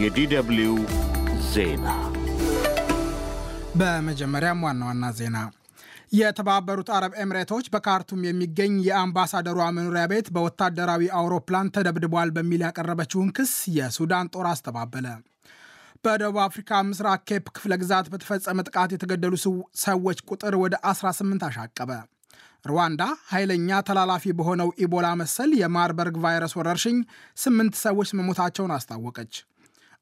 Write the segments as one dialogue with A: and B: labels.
A: የዲደብሊው ዜና በመጀመሪያም ዋና ዋና ዜና የተባበሩት አረብ ኤምሬቶች በካርቱም የሚገኝ የአምባሳደሯ መኖሪያ ቤት በወታደራዊ አውሮፕላን ተደብድቧል በሚል ያቀረበችውን ክስ የሱዳን ጦር አስተባበለ። በደቡብ አፍሪካ ምስራቅ ኬፕ ክፍለ ግዛት በተፈጸመ ጥቃት የተገደሉ ሰዎች ቁጥር ወደ 18 አሻቀበ። ሩዋንዳ ኃይለኛ ተላላፊ በሆነው ኢቦላ መሰል የማርበርግ ቫይረስ ወረርሽኝ ስምንት ሰዎች መሞታቸውን አስታወቀች።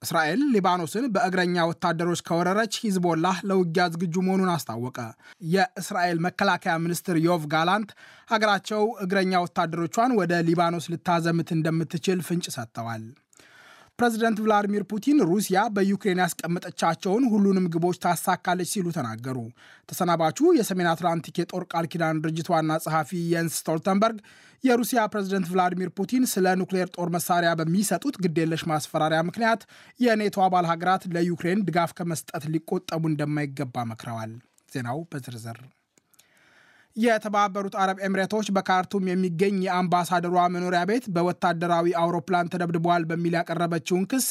A: እስራኤል ሊባኖስን በእግረኛ ወታደሮች ከወረረች ሂዝቦላ ለውጊያ ዝግጁ መሆኑን አስታወቀ። የእስራኤል መከላከያ ሚኒስትር ዮቭ ጋላንት ሀገራቸው እግረኛ ወታደሮቿን ወደ ሊባኖስ ልታዘምት እንደምትችል ፍንጭ ሰጥተዋል። ፕሬዚደንት ቭላዲሚር ፑቲን ሩሲያ በዩክሬን ያስቀመጠቻቸውን ሁሉንም ግቦች ታሳካለች ሲሉ ተናገሩ። ተሰናባቹ የሰሜን አትላንቲክ የጦር ቃል ኪዳን ድርጅት ዋና ጸሐፊ የንስ ስቶልተንበርግ የሩሲያ ፕሬዚደንት ቭላዲሚር ፑቲን ስለ ኑክሌር ጦር መሳሪያ በሚሰጡት ግዴለሽ ማስፈራሪያ ምክንያት የኔቶ አባል ሀገራት ለዩክሬን ድጋፍ ከመስጠት ሊቆጠቡ እንደማይገባ መክረዋል። ዜናው በዝርዝር የተባበሩት አረብ ኤምሬቶች በካርቱም የሚገኝ የአምባሳደሯ መኖሪያ ቤት በወታደራዊ አውሮፕላን ተደብድቧል በሚል ያቀረበችውን ክስ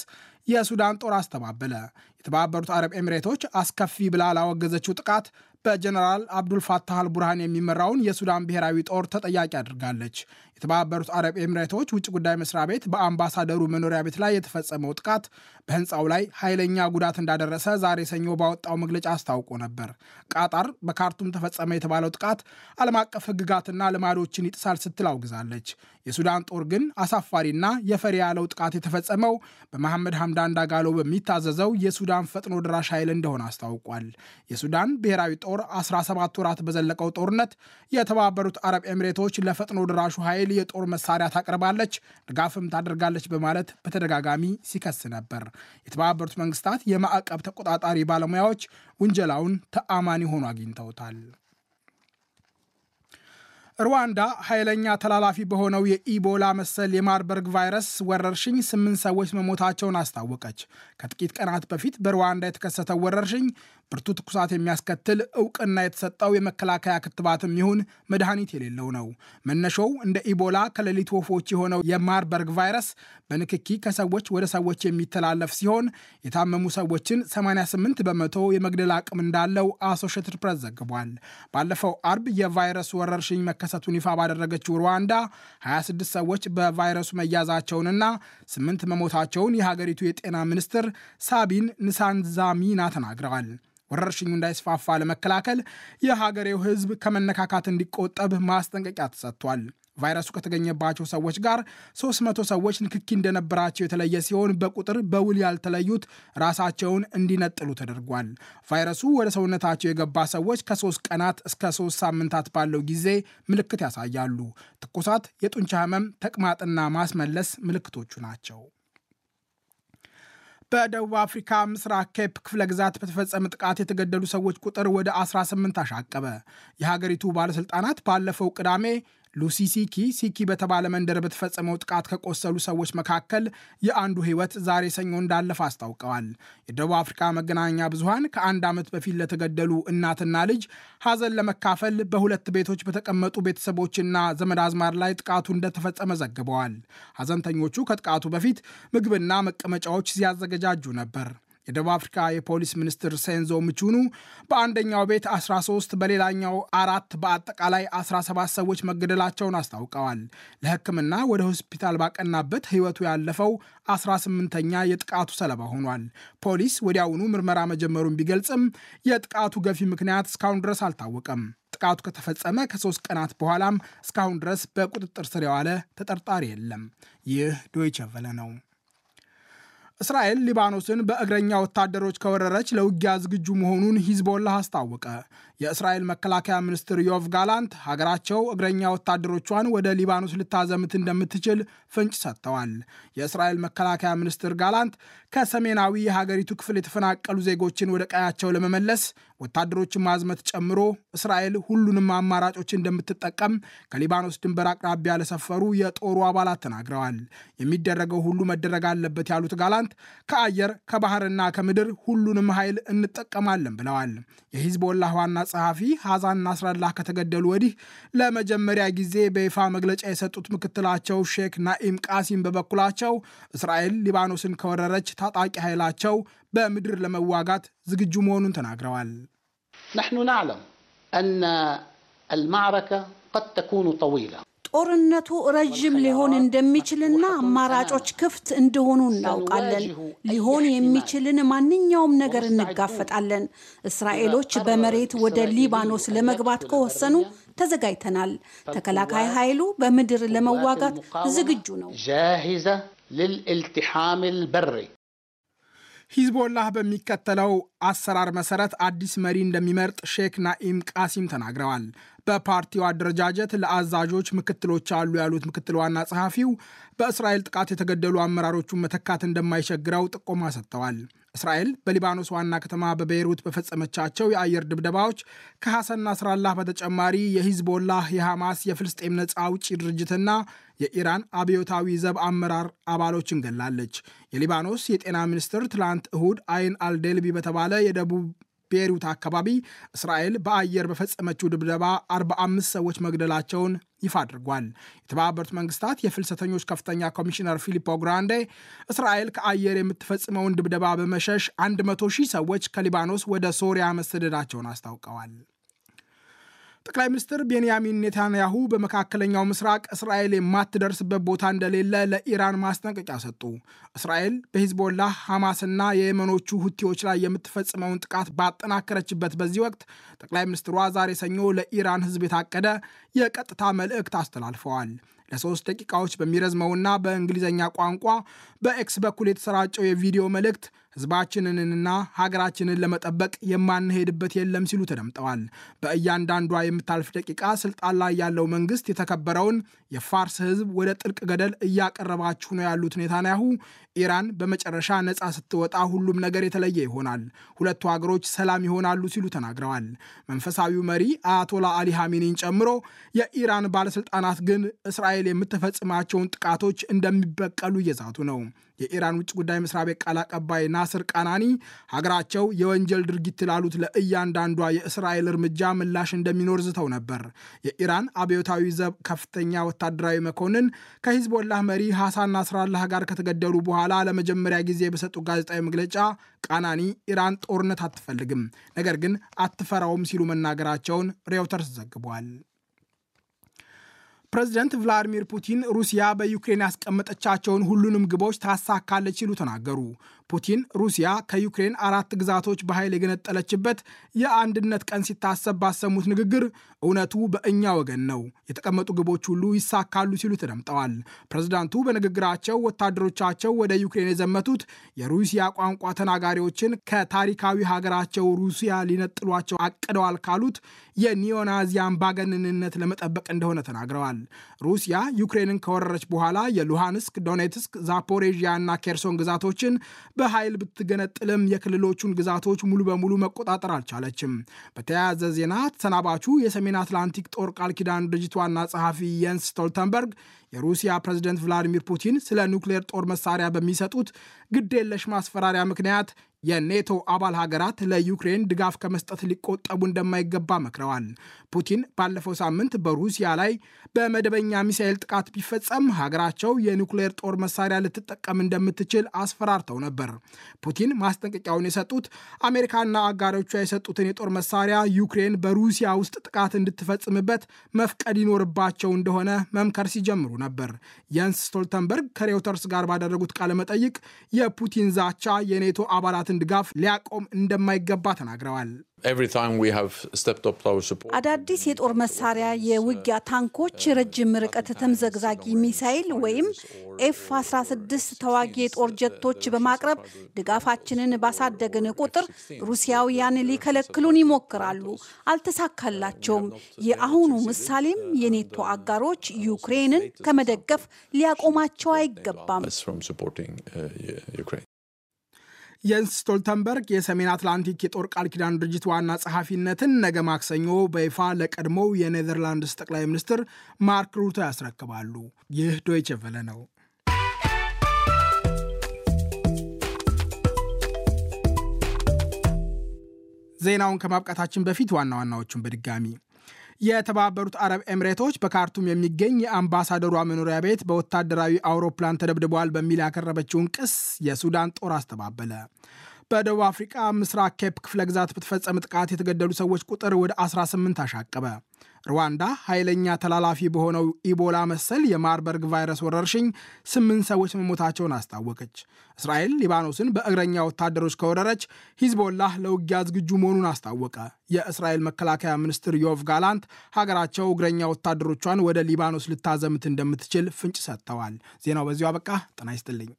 A: የሱዳን ጦር አስተባበለ። የተባበሩት አረብ ኤሚሬቶች አስከፊ ብላ ላወገዘችው ጥቃት በጀነራል አብዱልፋታህ አልቡርሃን የሚመራውን የሱዳን ብሔራዊ ጦር ተጠያቂ አድርጋለች። የተባበሩት አረብ ኤሚሬቶች ውጭ ጉዳይ መስሪያ ቤት በአምባሳደሩ መኖሪያ ቤት ላይ የተፈጸመው ጥቃት በህንፃው ላይ ኃይለኛ ጉዳት እንዳደረሰ ዛሬ ሰኞ ባወጣው መግለጫ አስታውቆ ነበር። ቃጣር በካርቱም ተፈጸመ የተባለው ጥቃት ዓለም አቀፍ ህግጋትና ልማዶችን ይጥሳል ስትል አውግዛለች። የሱዳን ጦር ግን አሳፋሪና የፈሪ ያለው ጥቃት የተፈጸመው በመሐመድ ሐምዳ ዳንዳጋሎ በሚታዘዘው የሱዳን ፈጥኖ ድራሽ ኃይል እንደሆነ አስታውቋል። የሱዳን ብሔራዊ ጦር 17 ወራት በዘለቀው ጦርነት የተባበሩት አረብ ኤምሬቶች ለፈጥኖ ድራሹ ኃይል የጦር መሳሪያ ታቀርባለች፣ ድጋፍም ታደርጋለች በማለት በተደጋጋሚ ሲከስ ነበር። የተባበሩት መንግስታት የማዕቀብ ተቆጣጣሪ ባለሙያዎች ውንጀላውን ተአማኒ ሆኖ አግኝተውታል። ሩዋንዳ ኃይለኛ ተላላፊ በሆነው የኢቦላ መሰል የማርበርግ ቫይረስ ወረርሽኝ ስምንት ሰዎች መሞታቸውን አስታወቀች። ከጥቂት ቀናት በፊት በሩዋንዳ የተከሰተው ወረርሽኝ ብርቱ ትኩሳት የሚያስከትል እውቅና የተሰጠው የመከላከያ ክትባትም ይሁን መድኃኒት የሌለው ነው። መነሾው እንደ ኢቦላ ከሌሊት ወፎች የሆነው የማርበርግ ቫይረስ በንክኪ ከሰዎች ወደ ሰዎች የሚተላለፍ ሲሆን የታመሙ ሰዎችን 88 በመቶ የመግደል አቅም እንዳለው አሶሽትድ ፕሬስ ዘግቧል። ባለፈው አርብ የቫይረስ ወረርሽኝ መከ መከሰቱን ይፋ ባደረገችው ሩዋንዳ 26 ሰዎች በቫይረሱ መያዛቸውንና ስምንት መሞታቸውን የሀገሪቱ የጤና ሚኒስትር ሳቢን ንሳንዛሚና ተናግረዋል። ወረርሽኙ እንዳይስፋፋ ለመከላከል የሀገሬው ሕዝብ ከመነካካት እንዲቆጠብ ማስጠንቀቂያ ተሰጥቷል። ቫይረሱ ከተገኘባቸው ሰዎች ጋር 300 ሰዎች ንክኪ እንደነበራቸው የተለየ ሲሆን በቁጥር በውል ያልተለዩት ራሳቸውን እንዲነጥሉ ተደርጓል። ቫይረሱ ወደ ሰውነታቸው የገባ ሰዎች ከሶስት ቀናት እስከ ሶስት ሳምንታት ባለው ጊዜ ምልክት ያሳያሉ። ትኩሳት፣ የጡንቻ ህመም፣ ተቅማጥና ማስመለስ ምልክቶቹ ናቸው። በደቡብ አፍሪካ ምስራቅ ኬፕ ክፍለ ግዛት በተፈጸመ ጥቃት የተገደሉ ሰዎች ቁጥር ወደ 18 አሻቀበ። የሀገሪቱ ባለሥልጣናት ባለፈው ቅዳሜ ሉሲ ሲኪ ሲኪ በተባለ መንደር በተፈጸመው ጥቃት ከቆሰሉ ሰዎች መካከል የአንዱ ሕይወት ዛሬ ሰኞ እንዳለፈ አስታውቀዋል። የደቡብ አፍሪካ መገናኛ ብዙኃን ከአንድ ዓመት በፊት ለተገደሉ እናትና ልጅ ሐዘን ለመካፈል በሁለት ቤቶች በተቀመጡ ቤተሰቦችና ዘመድ አዝማር ላይ ጥቃቱ እንደተፈጸመ ዘግበዋል። ሐዘንተኞቹ ከጥቃቱ በፊት ምግብና መቀመጫዎች ሲያዘገጃጁ ነበር። የደቡብ አፍሪካ የፖሊስ ሚኒስትር ሴንዞ ምቹኑ በአንደኛው ቤት 13 በሌላኛው አራት በአጠቃላይ 17 ሰዎች መገደላቸውን አስታውቀዋል። ለሕክምና ወደ ሆስፒታል ባቀናበት ሕይወቱ ያለፈው 18ኛ የጥቃቱ ሰለባ ሆኗል። ፖሊስ ወዲያውኑ ምርመራ መጀመሩን ቢገልጽም የጥቃቱ ገፊ ምክንያት እስካሁን ድረስ አልታወቀም። ጥቃቱ ከተፈጸመ ከሶስት ቀናት በኋላም እስካሁን ድረስ በቁጥጥር ስር የዋለ ተጠርጣሪ የለም። ይህ ዶይቸ ቨለ ነው። እስራኤል ሊባኖስን በእግረኛ ወታደሮች ከወረረች ለውጊያ ዝግጁ መሆኑን ሂዝቦላህ አስታወቀ። የእስራኤል መከላከያ ሚኒስትር ዮቭ ጋላንት ሀገራቸው እግረኛ ወታደሮቿን ወደ ሊባኖስ ልታዘምት እንደምትችል ፍንጭ ሰጥተዋል። የእስራኤል መከላከያ ሚኒስትር ጋላንት ከሰሜናዊ የሀገሪቱ ክፍል የተፈናቀሉ ዜጎችን ወደ ቀያቸው ለመመለስ ወታደሮችን ማዝመት ጨምሮ እስራኤል ሁሉንም አማራጮች እንደምትጠቀም ከሊባኖስ ድንበር አቅራቢያ ለሰፈሩ የጦሩ አባላት ተናግረዋል። የሚደረገው ሁሉ መደረግ አለበት ያሉት ጋላንት ከአየር ከባህርና ከምድር ሁሉንም ኃይል እንጠቀማለን ብለዋል። የሂዝቦላ ዋና ጸሐፊ ሐዛን ናስራላህ ከተገደሉ ወዲህ ለመጀመሪያ ጊዜ በይፋ መግለጫ የሰጡት ምክትላቸው ሼክ ናኢም ቃሲም በበኩላቸው እስራኤል ሊባኖስን ከወረረች ታጣቂ ኃይላቸው በምድር ለመዋጋት ዝግጁ መሆኑን ተናግረዋል። ናሕኑ ናዕለም አነ አልማዕረከ ቀድ ተኩኑ ጠዊላ ጦርነቱ ረዥም ሊሆን እንደሚችልና አማራጮች ክፍት እንደሆኑ እናውቃለን። ሊሆን የሚችልን ማንኛውም ነገር እንጋፈጣለን። እስራኤሎች በመሬት ወደ ሊባኖስ ለመግባት ከወሰኑ ተዘጋጅተናል። ተከላካይ ኃይሉ በምድር ለመዋጋት ዝግጁ ነው። ሂዝቦላህ በሚከተለው አሰራር መሰረት አዲስ መሪ እንደሚመርጥ ሼክ ናኢም ቃሲም ተናግረዋል። በፓርቲው አደረጃጀት ለአዛዦች ምክትሎች አሉ ያሉት ምክትል ዋና ጸሐፊው በእስራኤል ጥቃት የተገደሉ አመራሮቹን መተካት እንደማይቸግረው ጥቆማ ሰጥተዋል። እስራኤል በሊባኖስ ዋና ከተማ በቤይሩት በፈጸመቻቸው የአየር ድብደባዎች ከሐሰን ናስራላህ በተጨማሪ የሂዝቦላህ፣ የሐማስ፣ የፍልስጤም ነፃ አውጪ ድርጅትና የኢራን አብዮታዊ ዘብ አመራር አባሎችን ገላለች። የሊባኖስ የጤና ሚኒስትር ትላንት እሁድ አይን አልዴልቢ በተባለ የደቡብ ቤሩት አካባቢ እስራኤል በአየር በፈጸመችው ድብደባ 45 ሰዎች መግደላቸውን ይፋ አድርጓል። የተባበሩት መንግስታት የፍልሰተኞች ከፍተኛ ኮሚሽነር ፊሊፖ ግራንዴ እስራኤል ከአየር የምትፈጽመውን ድብደባ በመሸሽ 100 ሺህ ሰዎች ከሊባኖስ ወደ ሶሪያ መሰደዳቸውን አስታውቀዋል። ጠቅላይ ሚኒስትር ቤንያሚን ኔታንያሁ በመካከለኛው ምስራቅ እስራኤል የማትደርስበት ቦታ እንደሌለ ለኢራን ማስጠንቀቂያ ሰጡ። እስራኤል በሂዝቦላ ሐማስና የየመኖቹ ሁቲዎች ላይ የምትፈጽመውን ጥቃት ባጠናከረችበት በዚህ ወቅት ጠቅላይ ሚኒስትሯ ዛሬ ሰኞ ለኢራን ሕዝብ የታቀደ የቀጥታ መልእክት አስተላልፈዋል። ለሶስት ደቂቃዎች በሚረዝመውና በእንግሊዝኛ ቋንቋ በኤክስ በኩል የተሰራጨው የቪዲዮ መልእክት ህዝባችንንና ሀገራችንን ለመጠበቅ የማንሄድበት የለም ሲሉ ተደምጠዋል። በእያንዳንዷ የምታልፍ ደቂቃ ስልጣን ላይ ያለው መንግስት የተከበረውን የፋርስ ህዝብ ወደ ጥልቅ ገደል እያቀረባችሁ ነው ያሉት ኔታንያሁ ኢራን በመጨረሻ ነፃ ስትወጣ ሁሉም ነገር የተለየ ይሆናል፣ ሁለቱ ሀገሮች ሰላም ይሆናሉ ሲሉ ተናግረዋል። መንፈሳዊው መሪ አያቶላ አሊ ሐሜኒን ጨምሮ የኢራን ባለስልጣናት ግን እስራኤል የምትፈጽማቸውን ጥቃቶች እንደሚበቀሉ እየዛቱ ነው። የኢራን ውጭ ጉዳይ መስሪያ ቤት ቃል አቀባይ ስር ቀናኒ ሀገራቸው የወንጀል ድርጊት ላሉት ለእያንዳንዷ የእስራኤል እርምጃ ምላሽ እንደሚኖር ዝተው ነበር። የኢራን አብዮታዊ ዘብ ከፍተኛ ወታደራዊ መኮንን ከሂዝቦላህ መሪ ሐሳን ናስራላህ ጋር ከተገደሉ በኋላ ለመጀመሪያ ጊዜ በሰጡት ጋዜጣዊ መግለጫ ቃናኒ ኢራን ጦርነት አትፈልግም፣ ነገር ግን አትፈራውም ሲሉ መናገራቸውን ሬውተርስ ዘግቧል። ፕሬዚደንት ቭላዲሚር ፑቲን ሩሲያ በዩክሬን ያስቀመጠቻቸውን ሁሉንም ግቦች ታሳካለች ሲሉ ተናገሩ። ፑቲን ሩሲያ ከዩክሬን አራት ግዛቶች በኃይል የገነጠለችበት የአንድነት ቀን ሲታሰብ ባሰሙት ንግግር እውነቱ በእኛ ወገን ነው፣ የተቀመጡ ግቦች ሁሉ ይሳካሉ ሲሉ ተደምጠዋል። ፕሬዝዳንቱ በንግግራቸው ወታደሮቻቸው ወደ ዩክሬን የዘመቱት የሩሲያ ቋንቋ ተናጋሪዎችን ከታሪካዊ ሀገራቸው ሩሲያ ሊነጥሏቸው አቅደዋል ካሉት የኒዮናዚ አምባገነንነት ለመጠበቅ እንደሆነ ተናግረዋል። ሩሲያ ዩክሬንን ከወረረች በኋላ የሉሃንስክ፣ ዶኔትስክ፣ ዛፖሬዥያ እና ኬርሶን ግዛቶችን በኃይል ብትገነጥልም የክልሎቹን ግዛቶች ሙሉ በሙሉ መቆጣጠር አልቻለችም። በተያያዘ ዜና ተሰናባቹ የሰሜን አትላንቲክ ጦር ቃል ኪዳን ድርጅት ዋና ጸሐፊ የንስ ስቶልተንበርግ የሩሲያ ፕሬዝደንት ቭላዲሚር ፑቲን ስለ ኑክሌር ጦር መሳሪያ በሚሰጡት ግድ የለሽ ማስፈራሪያ ምክንያት የኔቶ አባል ሀገራት ለዩክሬን ድጋፍ ከመስጠት ሊቆጠቡ እንደማይገባ መክረዋል። ፑቲን ባለፈው ሳምንት በሩሲያ ላይ በመደበኛ ሚሳኤል ጥቃት ቢፈጸም ሀገራቸው የኒውክሌር ጦር መሳሪያ ልትጠቀም እንደምትችል አስፈራርተው ነበር። ፑቲን ማስጠንቀቂያውን የሰጡት አሜሪካና አጋሮቿ የሰጡትን የጦር መሳሪያ ዩክሬን በሩሲያ ውስጥ ጥቃት እንድትፈጽምበት መፍቀድ ይኖርባቸው እንደሆነ መምከር ሲጀምሩ ነበር። የንስ ስቶልተንበርግ ከሬውተርስ ጋር ባደረጉት ቃለመጠይቅ የፑቲን ዛቻ የኔቶ አባላት የሰጣትን ድጋፍ ሊያቆም እንደማይገባ ተናግረዋል። አዳዲስ የጦር መሳሪያ፣ የውጊያ ታንኮች፣ ረጅም ርቀት ተምዘግዛጊ ሚሳይል ወይም ኤፍ 16 ተዋጊ የጦር ጀቶች በማቅረብ ድጋፋችንን ባሳደግን ቁጥር ሩሲያውያን ሊከለክሉን ይሞክራሉ። አልተሳካላቸውም። የአሁኑ ምሳሌም የኔቶ አጋሮች ዩክሬንን ከመደገፍ ሊያቆማቸው አይገባም። የንስ ስቶልተንበርግ የሰሜን አትላንቲክ የጦር ቃል ኪዳን ድርጅት ዋና ጸሐፊነትን ነገ ማክሰኞ በይፋ ለቀድሞው የኔዘርላንድስ ጠቅላይ ሚኒስትር ማርክ ሩተ ያስረክባሉ። ይህ ዶይቼ ቬለ ነው። ዜናውን ከማብቃታችን በፊት ዋና ዋናዎቹን በድጋሚ የተባበሩት አረብ ኤምሬቶች በካርቱም የሚገኝ የአምባሳደሯ መኖሪያ ቤት በወታደራዊ አውሮፕላን ተደብድቧል በሚል ያቀረበችውን ክስ የሱዳን ጦር አስተባበለ። በደቡብ አፍሪቃ ምስራቅ ኬፕ ክፍለ ግዛት በተፈጸመ ጥቃት የተገደሉ ሰዎች ቁጥር ወደ 18 አሻቀበ። ሩዋንዳ ኃይለኛ ተላላፊ በሆነው ኢቦላ መሰል የማርበርግ ቫይረስ ወረርሽኝ ስምንት ሰዎች መሞታቸውን አስታወቀች። እስራኤል ሊባኖስን በእግረኛ ወታደሮች ከወረረች ሂዝቦላ ለውጊያ ዝግጁ መሆኑን አስታወቀ። የእስራኤል መከላከያ ሚኒስትር ዮቭ ጋላንት ሀገራቸው እግረኛ ወታደሮቿን ወደ ሊባኖስ ልታዘምት እንደምትችል ፍንጭ ሰጥተዋል። ዜናው በዚሁ አበቃ። ጤና ይስጥልኝ።